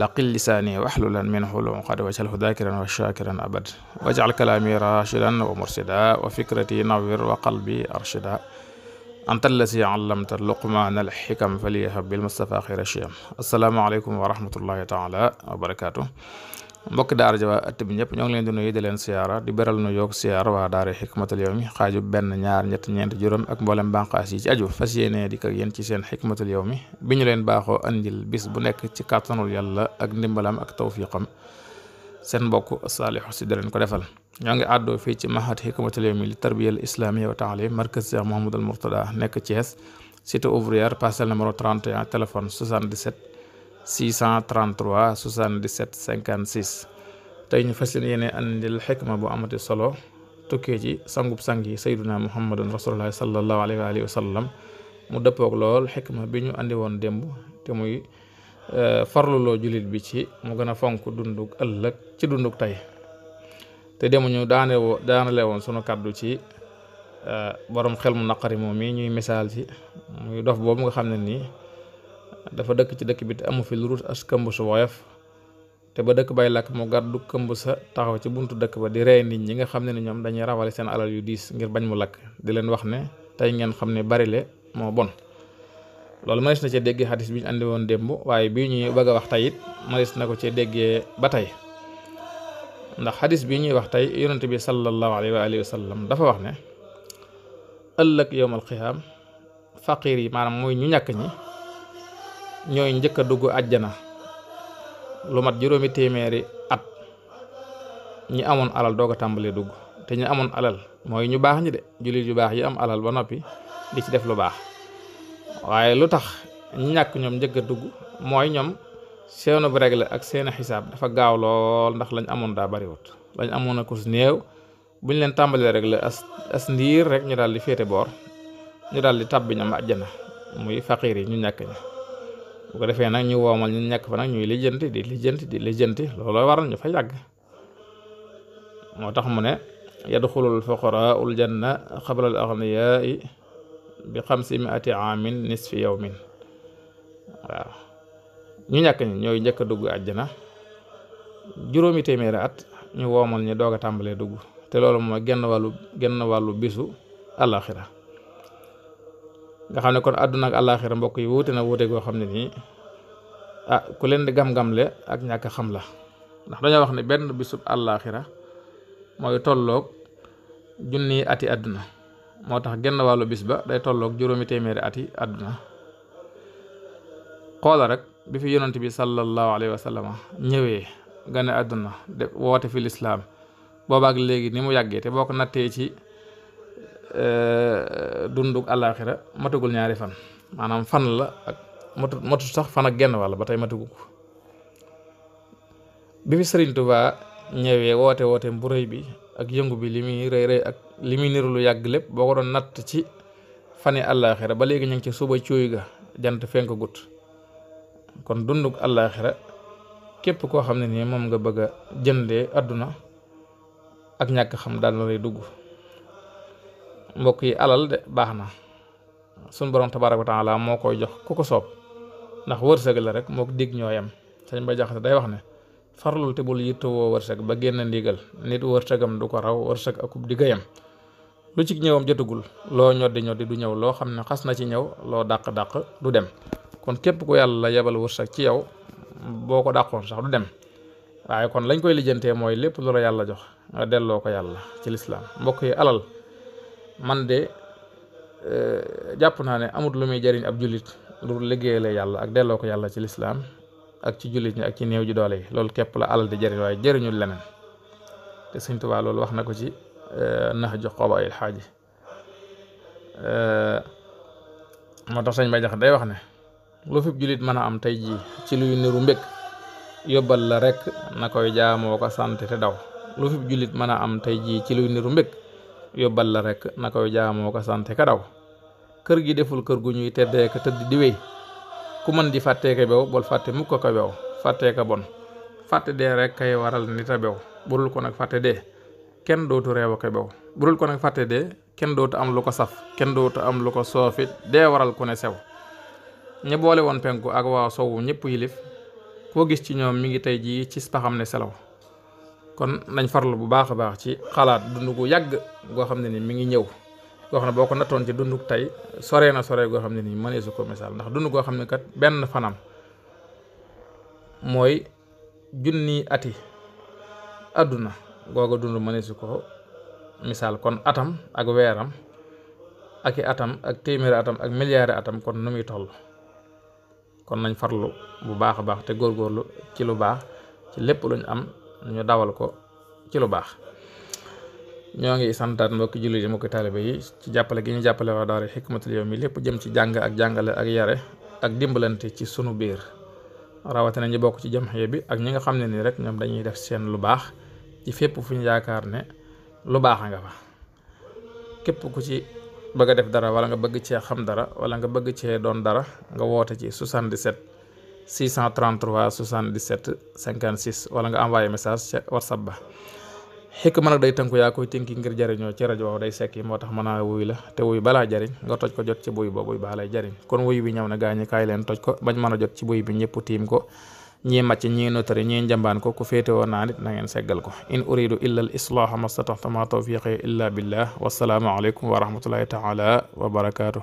laqil lisaani waxlulan minhu lunqad waj'alhu dhaakiran wa shaakiran abad waj'al kalaami raashidan wa mursida wa fikrati nawwir wa qalbi arshida anta allasi allamta luqmaana alxikam faliyahab bil mustafa xayra shiyam assalaamu aleykum wa rahmatullahi taala wa barakaatu mbokki daara ja waa ëtt bi ñëpp ñoo ngi leen di nuyu di leen siyaara di beral nu yoog siyaara waa daara xikmatul yawmi xaaju benn ñaar ñett ñeent juróom ak mboolem bànqaas yi ci aju fas yéene di ak yéen ci seen xikmatul yawmi bi ñu leen baaxoo andil bis bu nekk ci kàttanul yàlla ak ndimbalam ak tawfiqam seen mbokk saalixu si di ko defal ñoo ngi àddoo fii ci mahad xikmatul yawmi li tarbiyal islamiya wa taalim markaz cheikh mohamadul nekk Thiès cité ouvrière parcelle numéro 31 téléphone 77 633 77 56 tey ñu fas yéene andil xikma bu amati solo tukkee ci sangub sang yi sayduna muhammadun rasulullahi sallallahu alayhi wa alihi wa sallam mu dëppoog lool xikma bi ñu andi woon démb te muy e, farluloo jullit bi ci mu gën a fonk dundug ëllëg ci dundug tey te demuñu daane woo daanale woon sunu kàddu ci e, boroom xel mu naqari moom mii ñuy misaal ci muy dof boobu nga xam ne nii dafa dëkk ci dëkk bi te amu fi lu rut as këmb su woyof te ba dëkk bay lakk mu gàddu këmb sa taxaw ci buntu dëkk ba di rey nit ñi nga xam ne ni ñoom dañuy rawale seen alal yu diis ngir bañ mu lakk di leen wax ne tey ngeen xam ne bari le moo bon loolu mënees na cee déggee xadis bi ñu andi woon démb waaye bii ñuy bëgg a wax tey it mënees na ko cee déggee ba tey ndax xadis bi ñuy wax tey yonent bi sallallahu alayhi wa alihi wa sallam dafa wax ne ëllëg yowmal qiyaam yi maanaam mooy ñu ñàkk ñooy njëkk a dugg àjjana lu mat juróomi téeméeri at ñi amoon alal doo ko tàmbalee dugg te ñi amoon alal mooy ñu baax ñi de jullit yu baax yi am alal ba noppi di ci def lu baax waaye lu tax ñi ñàkk ñoom njëkk a dugg mooy ñoom seenu bu la ak seen xisaab dafa gaaw lool ndax lañ amoon daa bariwut lañ amoon a kus néew buñ leen tàmbalee réglé as as ndiir rek ñu daal di féete boor ñu daal di tàbbi ñam àjjana muy faqiir yi ñu ñàkk ña bu ko defee nag ñu woomal ñu nekk fa nag ñuy lijjanti di lijjanti di lijjanti looloo waral ñu fa yàgg moo tax mu ne yadxulul fuqaraau aljanna qabla al agniyai bi xamsi miati aamin nisfi yawmin waaw ñu ñàkk ñi ñooy njëkk a dugg àjjana juróomi téeméeri at ñu woomal ñu doog a tàmbalee dugg te loolu mooy genn wàllu genn wàllu bisu àllaaxira nga xam ne kon àdduna ak àllaaxira mbokk yi wuute na wuute goo xam ne nii ah ku leen di gam-gamle ak ñàkk xam la ndax dañoo wax ne benn bisub àllaaxira mooy tolloog junniy ati àdduna moo tax genn wàllu bis ba day tolloog juróomi téeméeri ati àdduna xoola rek bi fi yonent bi sallallahu alayhi wa sallam ñëwee gane àdduna de woote fi lislaam boobaak léegi ni mu yàggee te boo ko nattee ci Euh, dundug àllaaxira matagul ñaari fan maanaam fan la ak matu matu sax fan ak genn wàll ba tey matagu ko bi fi Sëriñ Tuubaa ñëwee woote wooteem bu rëy bi ak yëngu bi li muy rey rey ak li muy niru lu yàgg lépp boo ko doon natt ci fani àllaaxira ba léegi ñu ngi ci suba cuuy ga jant fenk gut kon dundug àllaaxira képp koo xam ne nii moom nga bëgg jënde àdduna ak ñàkk xam daal na lay dugg mbokk yi alal de baax na sun borom tabaaraka wa taala moo koy jox ku ko soob ndax wërsëg la rek moo ko dig ñoo yem sëñ ba jaxate day wax ne farlul te bul yittewoo wërsëg ba génn ndiigal nit wërsëgam du ko raw wërsëg akub digga yam lu ci ñëwam jotagul loo ñoddi ñoddi du ñëw loo xam ne xas na ci ñëw loo dàq-dàq du dem kon képp ku yàlla la yebal wërsëg ci yow boo ko dàqoon sax du dem waaye kon lañ koy lijjantee mooy lépp lu yàlla jox nga delloo ko yàlla ci lislaam man de euh, jàpp naa ne amut lu muy jariñ ab jullit lu liggéeyale yàlla ak delloo ko yàlla ci lislaam ak ci julit ñi ak ci néew ji doole yi loolu képp la alal di jariñ waaye jariñul leneen te Sëñ Tuubaa loolu wax na ko ci nax jox xooba ay xaaji moo tax sëñ Bay Jaxate day wax ne lu fi jullit mën a am tey jii ci luy niru mbég la rekk na koy jaamoo ko daw lu yóbbal la rek na koy jaamoo ko sante ka daw kër gi deful kër gu ñuy teddee ka tëdd di wéy ku mën di fàtte ka bew bul fàtte mukk ko bew fàttee ko bon fàtte dee rek kay waral nit a bew burul ko nag fàtte dee kenn dootu reew a ko bew burul ko nag fàtte dee kenn dootu am lu ko saf kenn dootu am lu ko soofit dee waral ku ne sew ñi boole woon penku ak waa sowu ñëpp yilif koo gis ci ñoom mi ngi tey jii ci paxam ne selaw kon nañ farlu bu baax a baax ci xalaat dund gu yàgg goo xam ne ni mi ngi ñëw goo xam ne boo ko nattoon ci dundu tey soree na sore goo xam ne nii mëneesu ko misaal ndax dund goo xam ne kat benn fanam mooy junni ati àdduna googa dund mëneesu ko misaal kon atam ak weeram ak i atam ak téeméeri atam ak milliards atam kon nu muy toll kon nañ farlu bu baax a baax te góorgóorlu ci lu baax ci lépp luñ am ñu dawal ko ci lu baax ñoo ngi santaat mbokki jullit yi mbokki taalibe yi ci jàppale gi ñu jàppale waa daara Hikmatul Yawmi lépp jëm ci jàng ak jàngale ak yare ak dimbalante ci sunu biir rawatina ñu bokk ci jamxiya bi ak ñi nga xam ne nii rek ñoom dañuy def seen lu baax ci fépp fu ñu yaakaar ne lu baax nga fa képp ku ci bëgg def dara wala nga bëgg cee xam dara wala nga bëgg cee doon dara nga woote ci 77 633 77 56 wala nga envoyé message ca whatsapp ba xikma nag day tënku yaa koy tënki ngir jariñoo ci rajo day sekki moo tax mën naa wuy la te wuy balaa jariñ nga toj ko jot ci buy boobu baa lay jariñ kon wuy bi ñëw na gaañi kaay leen toj ko bañ mën a jot ci buy bi ñëpp tiim ko ñii màcc ñii notari ñii njambaan ko ku féete woon naa nit na ngeen seggal ko in uridu illa al islaaha mastataxtama tawfiqi illa billah wasalaamu aleykum wa rahmatullahi taala wa barakaatu